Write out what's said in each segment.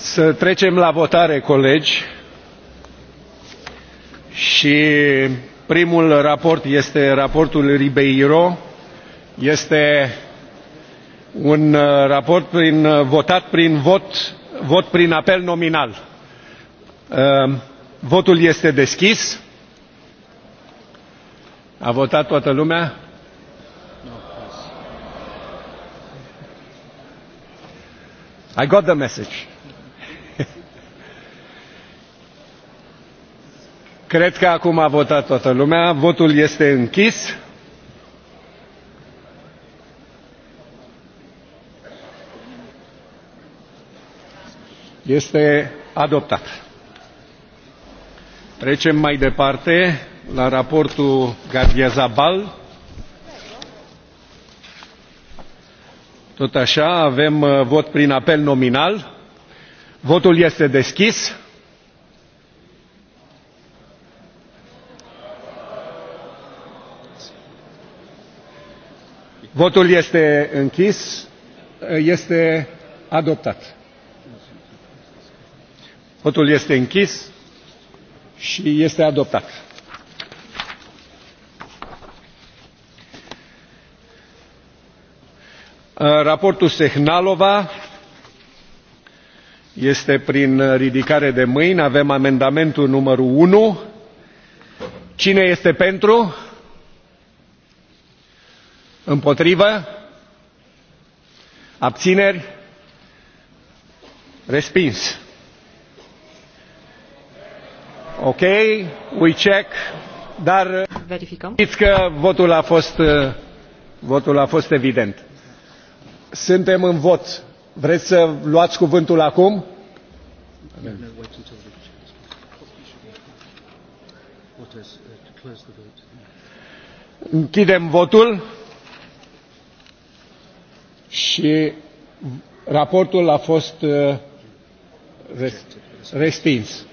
Să trecem la votare, colegi. Și primul raport este raportul Ribeiro. Este un uh, raport prin, uh, votat prin vot, vot prin apel nominal. Uh, votul este deschis. A votat toată lumea? I got the message. Cred că acum a votat toată lumea. Votul este închis. Este adoptat. Trecem mai departe la raportul Gardia Zabal. Tot așa, avem uh, vot prin apel nominal. Votul este deschis. Votul este închis. Este adoptat. Votul este închis și este adoptat. Raportul Sehnalova este prin ridicare de mâini. Avem amendamentul numărul 1. Cine este pentru? împotrivă abțineri respins ok we check dar uh, verificăm știți că votul a fost uh, votul a fost evident suntem în vot vreți să luați cuvântul acum uh, închidem votul și raportul a fost uh, respins.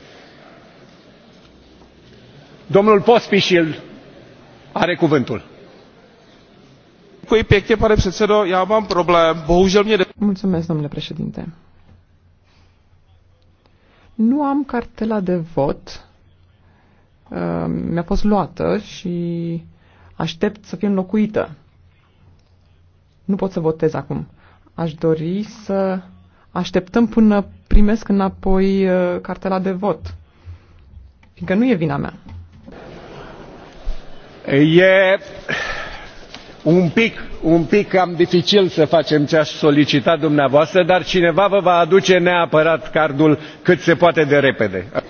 Domnul Pospișil are cuvântul. Mulțumesc, domnule președinte. Nu am cartela de vot. Uh, mi-a fost luată și aștept să fie înlocuită. Nu pot să votez acum. Aș dori să așteptăm până primesc înapoi uh, cartela de vot. Fiindcă nu e vina mea. E un pic, un pic cam dificil să facem ce aș solicita dumneavoastră, dar cineva vă va aduce neapărat cardul cât se poate de repede.